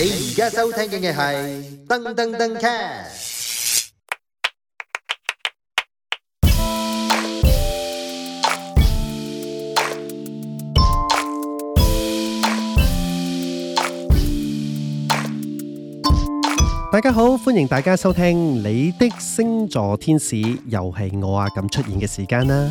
你而家收聽嘅係《噔噔噔 Cast》。大家好，歡迎大家收聽你的星座天使，又係我阿感出現嘅時間啦。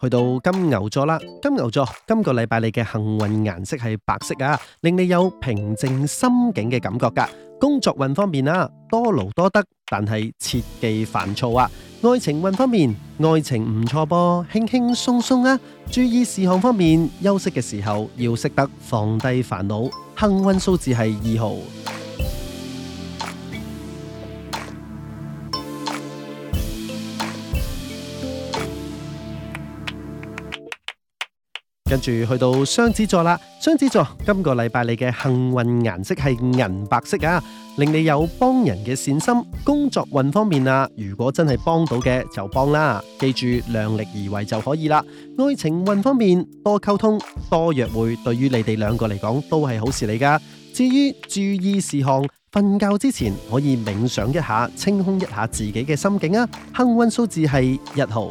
去到金牛座啦，金牛座今個禮拜你嘅幸運顏色係白色啊，令你有平靜心境嘅感覺噶啊。工作運方面啊，多勞多得，但係切忌煩躁啊。愛情運方面，愛情唔錯噃，輕輕鬆鬆啊。注意事項方面，休息嘅時候要識得放低煩惱。幸運數字係二號。跟住去到雙子座啦，雙子座今個禮拜你嘅幸運顏色係銀白色啊，令你有幫人嘅善心，工作運方面啊，如果真係幫到嘅就幫啦，記住量力而為就可以啦。愛情運方面，多溝通多約會，對於你哋兩個嚟講都係好事嚟㗎。至於注意事項，瞓覺之前可以冥想一下，清空一下自己嘅心境啊。幸運數字係一號。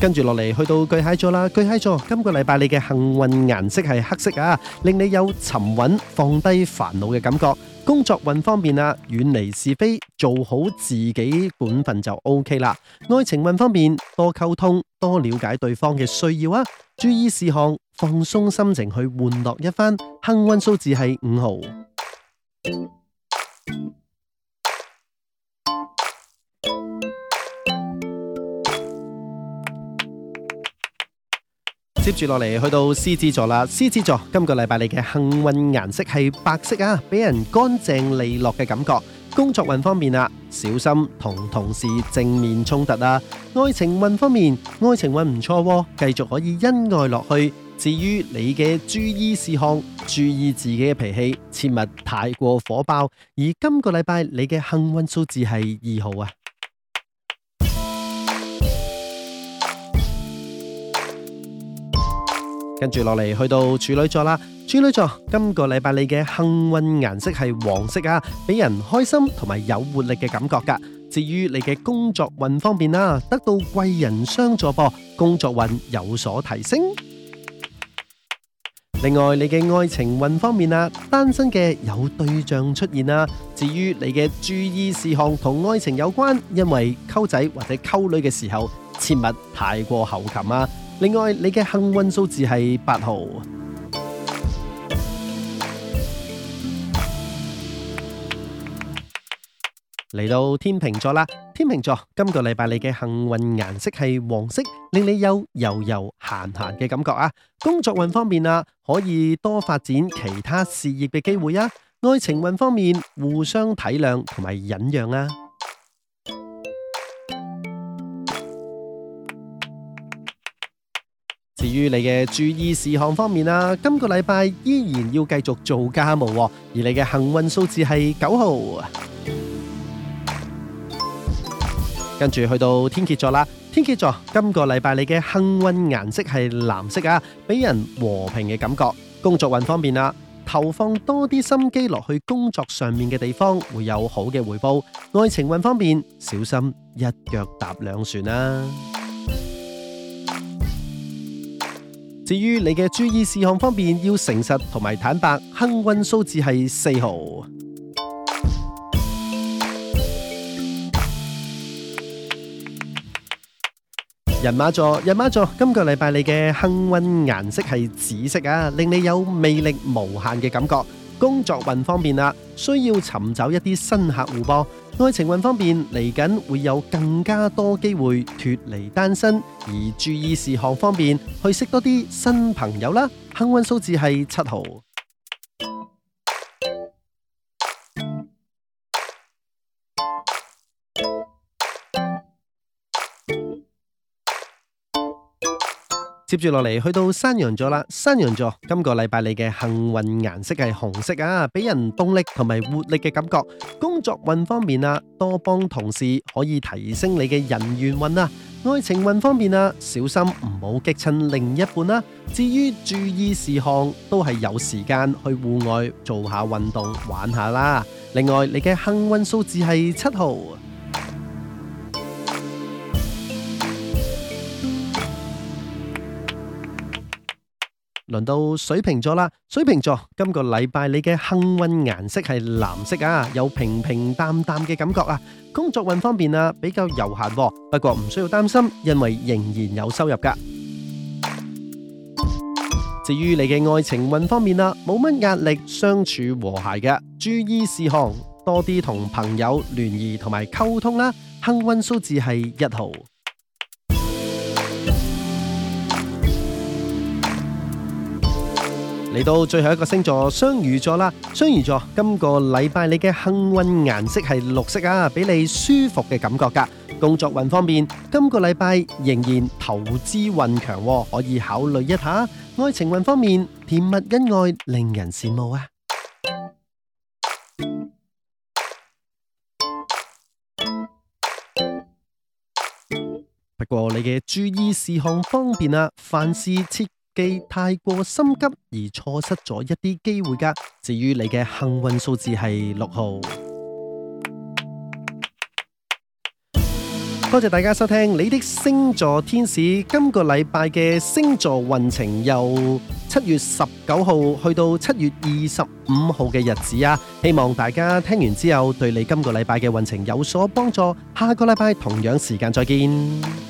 跟住落嚟，去到巨蟹座啦。巨蟹座，今個禮拜你嘅幸運顏色係黑色啊，令你有沉穩、放低煩惱嘅感覺。工作運方面啊，遠離是非，做好自己本分就 OK 啦。愛情運方面，多溝通，多了解對方嘅需要啊。注意事項，放鬆心情去玩樂一番。幸運數字係五號。接住落嚟去到獅子座啦，獅子座今個禮拜你嘅幸運顏色係白色啊，俾人乾淨利落嘅感覺。工作運方面啊，小心同同事正面衝突啊。愛情運方面，愛情運唔錯喎，繼續可以恩愛落去。至於你嘅注意事項，注意自己嘅脾氣，切勿太過火爆。而今個禮拜你嘅幸運數字係二號啊。跟住落嚟去到處女座啦，處女座今個禮拜你嘅幸運顏色係黃色啊，俾人開心同埋有活力嘅感覺噶。至於你嘅工作運方面啦、啊，得到貴人相助噃，工作運有所提升。另外你嘅愛情運方面啊，單身嘅有對象出現啊。至於你嘅注意事項同愛情有關，因為溝仔或者溝女嘅時候切勿太過猴擒啊。另外，你嘅幸運數字係八號。嚟到天秤座啦，天秤座今個禮拜你嘅幸運顏色係黃色，令你有悠悠閒閒嘅感覺啊。工作運方面啊，可以多發展其他事業嘅機會啊。愛情運方面，互相體諒同埋忍讓啊。至於你嘅注意事項方面啊，今個禮拜依然要繼續做家務，而你嘅幸運數字係九號。跟住去到天蠍座啦，天蠍座今個禮拜你嘅幸運顏色係藍色啊，俾人和平嘅感覺，工作運方面啦，投放多啲心機落去工作上面嘅地方會有好嘅回報，愛情運方面，小心一腳踏兩船啦。至於你嘅注意事項方面，要誠實同埋坦白。幸運數字係四號。人馬座，人馬座，今個禮拜你嘅幸運顏色係紫色啊，令你有魅力無限嘅感覺。工作運方面啦，需要尋找一啲新客戶噃。愛情運方面，嚟緊會有更加多機會脫離單身，而注意事項方面，去識多啲新朋友啦。幸運數字係七號。接住落嚟，去到山羊座啦。山羊座今個禮拜你嘅幸運顏色係紅色啊，俾人動力同埋活力嘅感覺。工作運方面啊，多幫同事可以提升你嘅人緣運啊。愛情運方面啊，小心唔好激親另一半啦，啊。至於注意事項，都係有時間去戶外做下運動，玩下啦。另外，你嘅幸運數字係七號。輪到水瓶座啦，水瓶座今個禮拜你嘅幸運顏色係藍色啊，有平平淡淡嘅感覺啊，工作運方面啊，比較悠閒，不過唔需要擔心，因為仍然有收入噶。至於你嘅愛情運方面啊，冇乜壓力，相處和諧嘅，注意事項，多啲同朋友聯誼同埋溝通啦，幸運數字係一號。嚟到最後一個星座雙魚座啦，雙魚座今個禮拜你嘅幸運顏色係綠色啊，俾你舒服嘅感覺噶，工作運方面，今個禮拜仍然投資運強啊，可以考慮一下。愛情運方面甜蜜恩愛，令人羨慕啊。不過你嘅注意事項方便啊，凡事切既太過心急而錯失咗一啲機會噶。至於你嘅幸運數字係六號。多謝大家收聽你的星座天使今個禮拜嘅星座運程，由七月十九號去到七月二十五號嘅日子啊！希望大家聽完之後對你今個禮拜嘅運程有所幫助。下個禮拜同樣時間再見。